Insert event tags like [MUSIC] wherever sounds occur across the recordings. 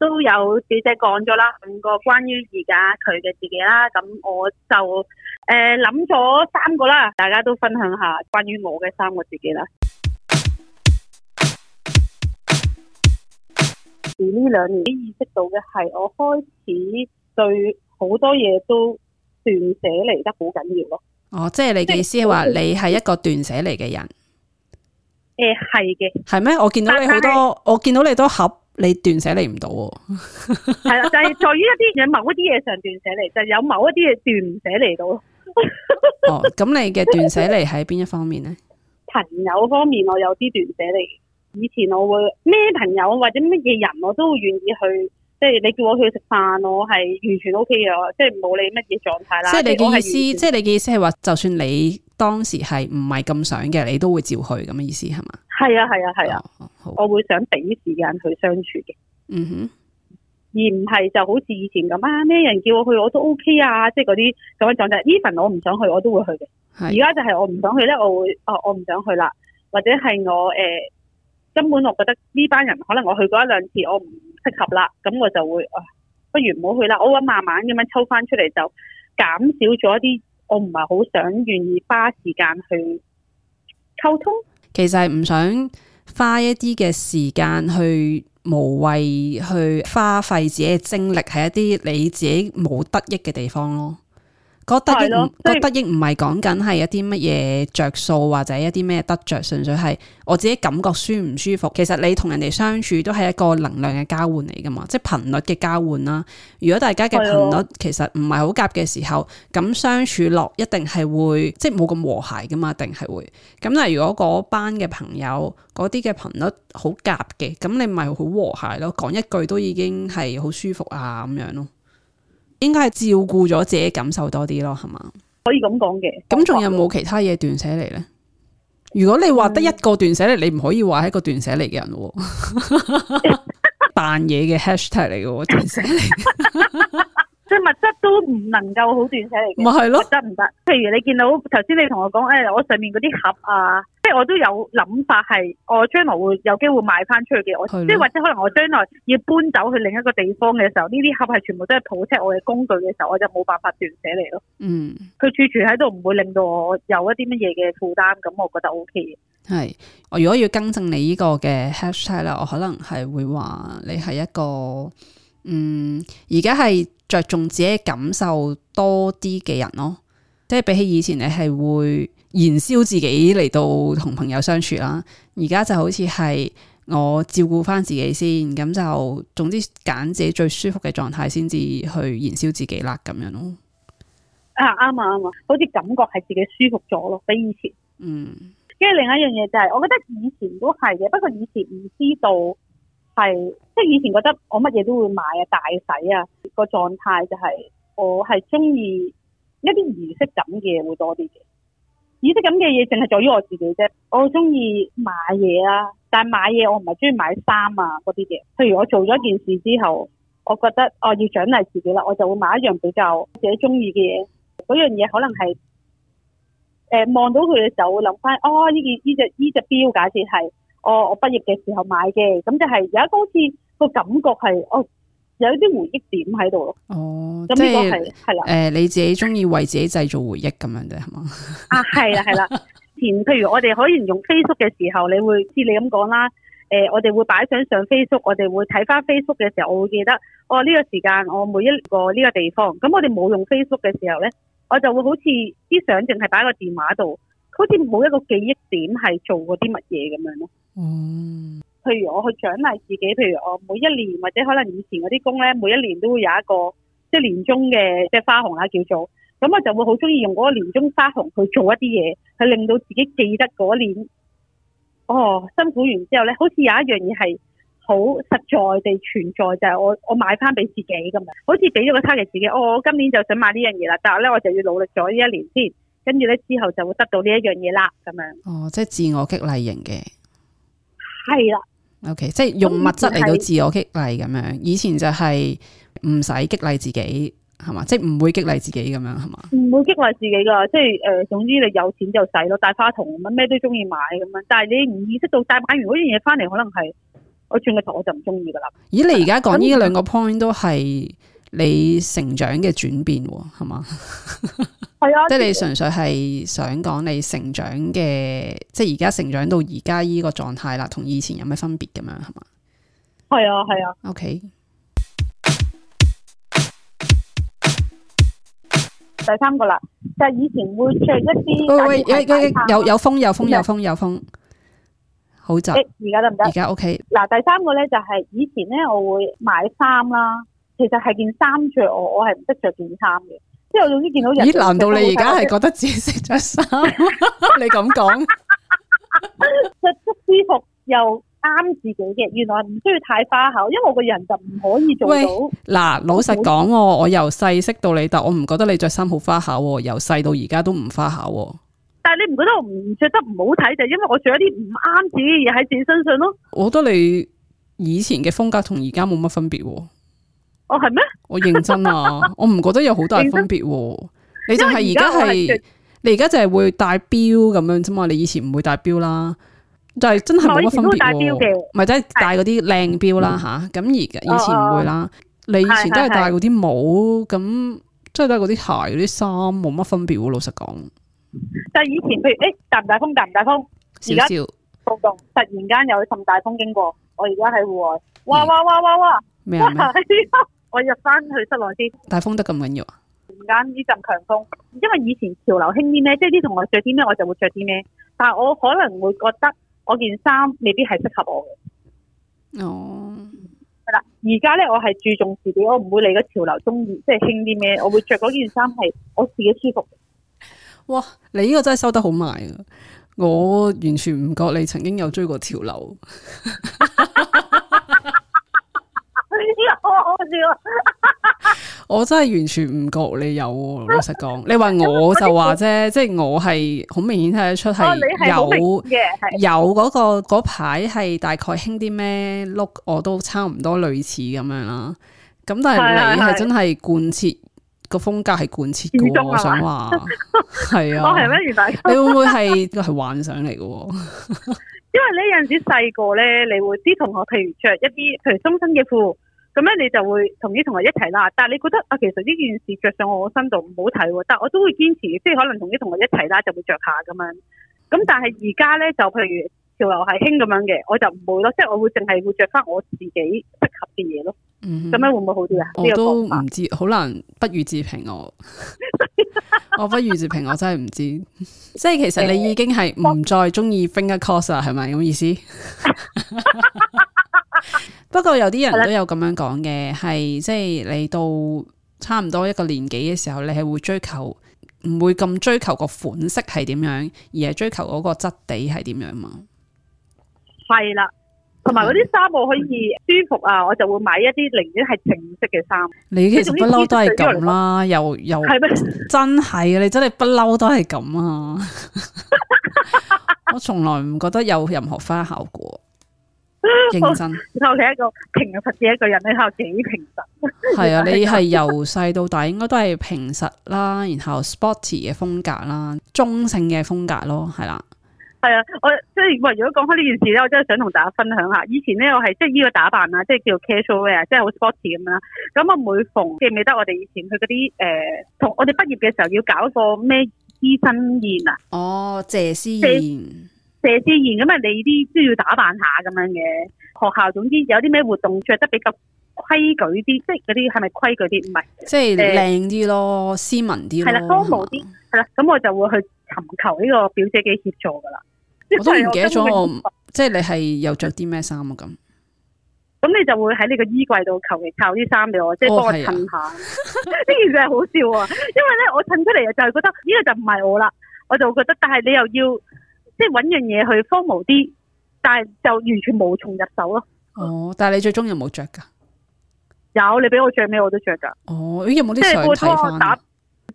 都有小姐講咗啦，五個關於而家佢嘅自己啦，咁我就誒諗咗三個啦，大家都分享下關於我嘅三個自己啦。而呢兩年，你意識到嘅係我開始對好多嘢都斷捨離得好緊要咯。哦，即係你嘅意思係話你係一個斷捨離嘅人？誒，係嘅。係咩？我見到你好多，我見到你都合。你斷捨離唔到，係 [LAUGHS] 啦，就係、是、在於一啲嘢、某一啲嘢上斷捨離，就有某一啲嘢斷唔捨離到。 [LAUGHS] 哦，咁你嘅斷捨離喺邊一方面咧？朋友方面，我有啲斷捨離。以前我會咩朋友或者乜嘢人，我都會願意去，即、就、係、是、你叫我去食飯，我係完全 OK 嘅，就是、即係冇你乜嘢狀態啦。即係你嘅意思，即係你嘅意思係話，就算你。當時係唔係咁想嘅，你都會照去咁嘅意思係嘛？係啊係啊係啊，啊啊 oh, 好我會想畀啲時間去相處嘅。嗯哼、mm，hmm. 而唔係就好似以前咁啊，咩人叫我去我都 OK 啊，即係嗰啲咁嘅狀態。Even 我唔想去，我都會去嘅。而家是就係我唔想去呢，我會哦，我唔想去啦，或者係我誒、呃、根本我覺得呢班人可能我去過一兩次，我唔適合啦，咁我就會不如唔好去啦。我會慢慢咁樣抽翻出嚟，就減少咗啲。我唔係好想願意花時間去溝通，其實係唔想花一啲嘅時間去無謂去花費自己嘅精力喺一啲你自己冇得益嘅地方咯。覺得得益，覺得得益唔係講緊係一啲乜嘢着數或者一啲咩得着，純粹係我自己感覺舒唔舒服。其實你同人哋相處都係一個能量嘅交換嚟噶嘛，即係頻率嘅交換啦。如果大家嘅頻率其實唔係好夾嘅時候，咁的相處落一定係會即係冇咁和諧噶嘛，一定係會咁。但係，如果嗰班嘅朋友嗰啲嘅頻率好夾嘅，咁你咪好和諧咯，講一句都已經係好舒服啊咁樣咯。應該係照顧咗自己感受多啲咯，係嘛？可以咁講嘅。咁仲有冇其他嘢斷捨離咧？如果你話得一個斷捨離，嗯、你唔可以話係一個斷捨離嘅人喎。扮嘢嘅 hashtag 嚟嘅喎，斷捨離。即 [LAUGHS] 係物質都唔能夠好斷捨離。咪係咯，得唔得。譬如你見到頭先你同我講，誒、哎，我上面嗰啲盒啊。即係我都有諗法，係我將來會有機會賣翻出去嘅。我即係或者可能我將來要搬走去另一個地方嘅時候，呢啲盒係全部都係抱出我嘅工具嘅時候，我就冇辦法斷捨離咯。嗯，佢儲存喺度唔會令到我有一啲乜嘢嘅負擔，咁我覺得 OK 嘅。係我如果要更正你呢個嘅 hashtag 咧，我可能係會話你係一個嗯，而家係着重自己感受多啲嘅人咯。即係比起以前，你係會。燃燒自己嚟到同朋友相處啦，而家就好似係我照顧翻自己先，咁就總之揀自己最舒服嘅狀態先至去燃燒自己啦，咁樣咯。啊啱啊啱啊，好似感覺係自己舒服咗咯，比以前。嗯。跟住另一樣嘢就係，我覺得以前都係嘅，不過以前唔知道係，即係以前覺得我乜嘢都會買啊，大洗啊，個狀態就係我係中意一啲儀式感嘅會多啲嘅。呢啲咁嘅嘢，淨係在於我自己啫。我中意買嘢啦、啊，但係買嘢我唔係中意買衫啊嗰啲嘢。譬如我做咗一件事之後，我覺得哦要獎勵自己啦，我就會買一樣比較自己中意嘅嘢。嗰樣嘢可能係誒，望、呃、到佢嘅時候會諗翻哦，呢件呢隻呢隻表假設係我我畢業嘅時候買嘅，咁就係有一個好似個感覺係哦。有啲回憶點喺度咯，哦，咁呢個係係啦，誒，你自己中意為自己製造回憶咁樣啫，係嘛？啊，係啦係啦，前譬如我哋可以用 Facebook 嘅時候，你會似你咁講啦，誒、呃，我哋會擺相上 Facebook，我哋會睇翻 Facebook 嘅時候，我會記得我呢、哦這個時間，我每一個呢個地方。咁我哋冇用 Facebook 嘅時候咧，我就會好似啲相淨係擺個電話度，好似冇一個記憶點係做過啲乜嘢咁樣咯。哦、嗯。譬如我去獎勵自己，譬如我每一年或者可能以前嗰啲工咧，每一年都會有一個即係年終嘅即係花紅啦叫做，咁我就會好中意用嗰個年終花紅去做一啲嘢，去令到自己記得嗰年哦辛苦完之後咧，好似有一樣嘢係好實在地存在，就係、是、我我買翻俾自己咁樣，好似俾咗個差 a 自己，我我、哦、今年就想買呢樣嘢啦，但係咧我就要努力咗呢一年先，跟住咧之後就會得到呢一樣嘢啦咁樣。哦，即係自我激勵型嘅，係啦。O.K. 即係用物質嚟到自我激勵咁樣，以前就係唔使激勵自己係嘛？即係唔會激勵自己咁樣係嘛。唔會激勵自己噶，即係誒、呃，總之你有錢就使咯，大花筒咁樣咩都中意買咁樣，但係你唔意識到，但係買完嗰啲嘢翻嚟，可能係我轉個頭我就唔中意噶啦。咦？你而家講呢兩個 point 都係你成長嘅轉變係嘛？ [LAUGHS] 係啊，即係你純粹係想講你成長嘅，即係而家成長到而家依個狀態啦，同以前有咩分別咁樣係嘛？係啊，係啊。OK。第三個啦，就係以前會着一啲，喂喂喂，有有，有風，有風，有風，有風，有風，好就而家得唔得？而家 OK。嗱，okay，第三個咧就係以前咧我會買衫啦，其實係件衫着我，我係唔識着件衫嘅。之後總之見到人，咦？難道你而家係覺得自己識着衫？你咁講，着得舒服又啱自己嘅，原來唔需要太花巧。因為我個人就唔可以做到。嗱，老實講，我由細識到你，但係我唔覺得你着衫好花巧。由細到而家都唔花巧。但係你唔覺得我唔着得唔好睇？就係因為我着一啲唔啱自己嘢喺自己身上咯。我覺得你以前嘅風格同而家冇乜分別。我係咩？我認真啊！我唔覺得有好大分別喎。你就係而家係，你而家就係會戴錶咁樣啫嘛。你以前唔會戴錶啦，就係真係冇乜分別喎。咪即係戴嗰啲靚錶啦吓。咁而家以前唔會啦。你以前都係戴嗰啲帽，咁即係戴嗰啲鞋、嗰啲衫，冇乜分別喎。老實講，但係以前譬如誒，打唔打風？打唔打風？少少。突然間有咁大風經過。我而家喺戶外。哇哇哇哇哇！咩啊？我入翻去室內先，大風得咁緊要啊！突然間呢陣強風，因為以前潮流興啲咩，即係啲同學着啲咩，我就會着啲咩。但係我可能會覺得我件衫未必係適合我嘅。哦，係啦，而家咧我係注重自己，我唔會理個潮流中意即係興啲咩，我會着嗰件衫係我自己舒服。哇！你呢個真係收得好埋啊！我完全唔覺你曾經有追過潮流。 [LAUGHS] [LAUGHS] 呢啲好好笑，我真係完全唔覺你有、啊，老實講，你話我就話啫，即係我係好明顯睇得出係有、哦、有嗰、嗰個嗰排係大概興啲咩 look，我都差唔多類似咁樣啦。咁但係你係真係貫徹個風格係貫徹嘅，中我想話係啊，我係咩？原來 [LAUGHS] 你會唔會係呢個係幻想嚟嘅？ [LAUGHS] 因為呢有陣時細個咧，你會啲同學譬如着一啲譬如中身嘅褲。咁咧你就會同啲同學一齊啦，但係你覺得啊，其實呢件事着上，上我身度唔好睇喎，但係我都會堅持，即係可能同啲同學一齊啦，就會着下咁樣。咁但係而家咧，就譬如潮流係興咁樣嘅，我就唔會咯，即係我會淨係會着返我自己適合嘅嘢咯。咁、嗯、樣會唔會好啲啊？我都唔知，好難不予置評我。 [LAUGHS] 我不予置評，我真係唔知。 [LAUGHS] 即係其實你已經係唔再中意 finger corsa 係咪咁意思？ [LAUGHS] 不過有啲人都有咁樣講嘅，係即係你到差唔多一個年紀嘅時候，你係會追求唔會咁追求個款式係點樣，而係追求嗰個質地係點樣嘛。係啦，同埋嗰啲衫我可以舒服啊，我就會買一啲寧願係正式嘅衫。你其實不嬲都係咁啦，又又嗎真係啊，你真係 [LAUGHS] 不嬲都係咁啊！我從來唔覺得有任何花效果。認真，哦、然後你係一個平實嘅一個人，你睇下幾平實。係啊， [LAUGHS] 你係由細到大，應該都係平實啦，然後 sporty 嘅風格啦，中性嘅風格咯，係啦。係啊，我即係話，如果講開呢件事咧，我真係想同大家分享下。以前咧，我係即係呢個打扮啊，即係叫 casual 啊，即係好 sporty 咁樣。咁我每逢記唔記得我哋以前去嗰啲誒，同、呃、我哋畢業嘅時候要搞個咩師生宴啊？哦，謝師宴。社資然咁啊，你啲都要打扮下咁樣嘅學校，總之有啲咩活動着得比較規矩啲，即係嗰啲係咪規矩啲？唔係，即係靚啲咯，斯文啲咯，高帽啲。係啦嗎，咁我就會去尋求呢個表姐嘅協助噶啦。我都唔記得咗我，即係你係又着啲咩衫啊咁？咁、嗯、你就會喺呢個衣櫃度求其靠啲衫俾我，即係幫我襯下。呢件事係好笑啊！ [LAUGHS] 因為咧，我襯出嚟就係覺得呢個就唔係我啦，我就覺得，但係你又要。即係搵樣嘢去荒無啲，但係就完全無從入手咯。哦！但係你最中意冇着㗎？有，你俾我着咩我都着㗎。哦，咦？有冇啲上？即係撥我打，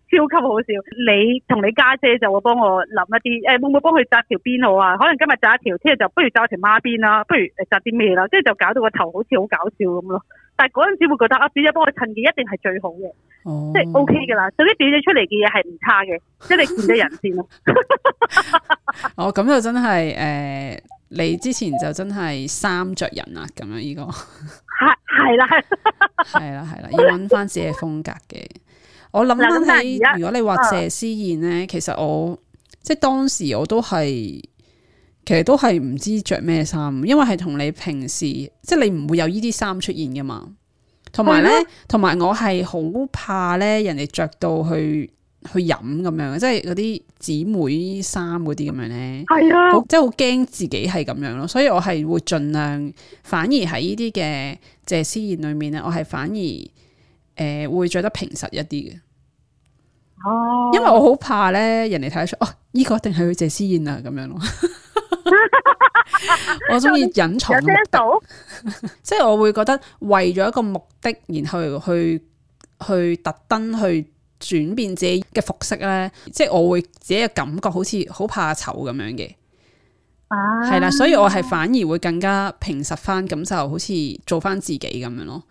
超級好笑。你同你家姐，姐就會幫我幫我諗一啲，誒、欸，會唔會幫佢紮條邊好啊？可能今日紮一條，聽日就不如紮條孖辮啦，不如誒紮啲咩啦？即係就搞到個頭好似好搞笑咁咯。但係嗰陣時會覺得啊，小姐幫我襯件一定係最好嘅。哦、即係 OK 噶啦，總啲表姐出嚟嘅嘢係唔差嘅，即係你見得人先咯。 [LAUGHS] 哦，咁就真係誒、呃，你之前就真係衫着人啊，咁樣呢個係係啦，係啦， [LAUGHS] 係啦， [LAUGHS] 要揾翻自己風格嘅。我諗翻起，嗯、如果你話謝思燕咧，啊、其實我即係當時我都係，其實都係唔知着咩衫，因為係同你平時即係你唔會有呢啲衫出現噶嘛。同埋咧，同埋、啊、我係好怕咧，人哋着到去去飲咁樣，即係嗰啲姊妹衫嗰啲咁樣咧。係啊，即係好驚自己係咁樣咯，所以我係會盡量，反而喺呢啲嘅謝師宴裏面咧，我係反而誒、呃、會着得平實一啲嘅、哦。哦，因為我好怕咧，人哋睇得出哦，呢個一定係去謝師宴啊，咁樣咯。 [LAUGHS] [LAUGHS] 我中意隱藏，有聽到，即係我會覺得為咗一個目的，然後去去特登去轉變自己嘅服飾咧，即係我會自己嘅感覺好似好怕醜咁樣嘅，係啦、啊，所以我係反而會更加平實翻，咁就好似做翻自己咁樣咯，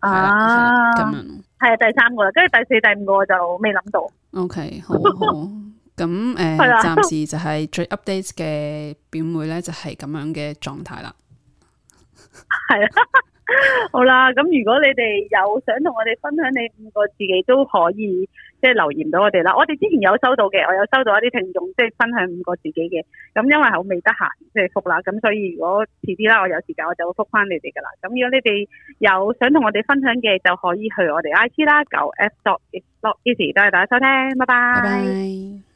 啊，咁樣係第三個啦，跟住第四、第五個，第第個，我就未諗到，OK，好好。好 [LAUGHS] 咁誒，暫時就係最 update 嘅表妹咧，就係咁樣嘅狀態啦。係啊，好啦，咁如果你哋有想同我哋分享你五個自己，都可以即係留言到我哋啦。我哋之前有收到嘅，我有收到一啲聽眾即係分享五個自己嘅。咁因為係我未得閒即係覆啦，咁所以如果遲啲啦，我有時間我就會覆翻你哋噶啦。咁如果你哋有想同我哋分享嘅，就可以去我哋 IG 啦，九 F dot is not easy，多謝大家收聽，拜拜。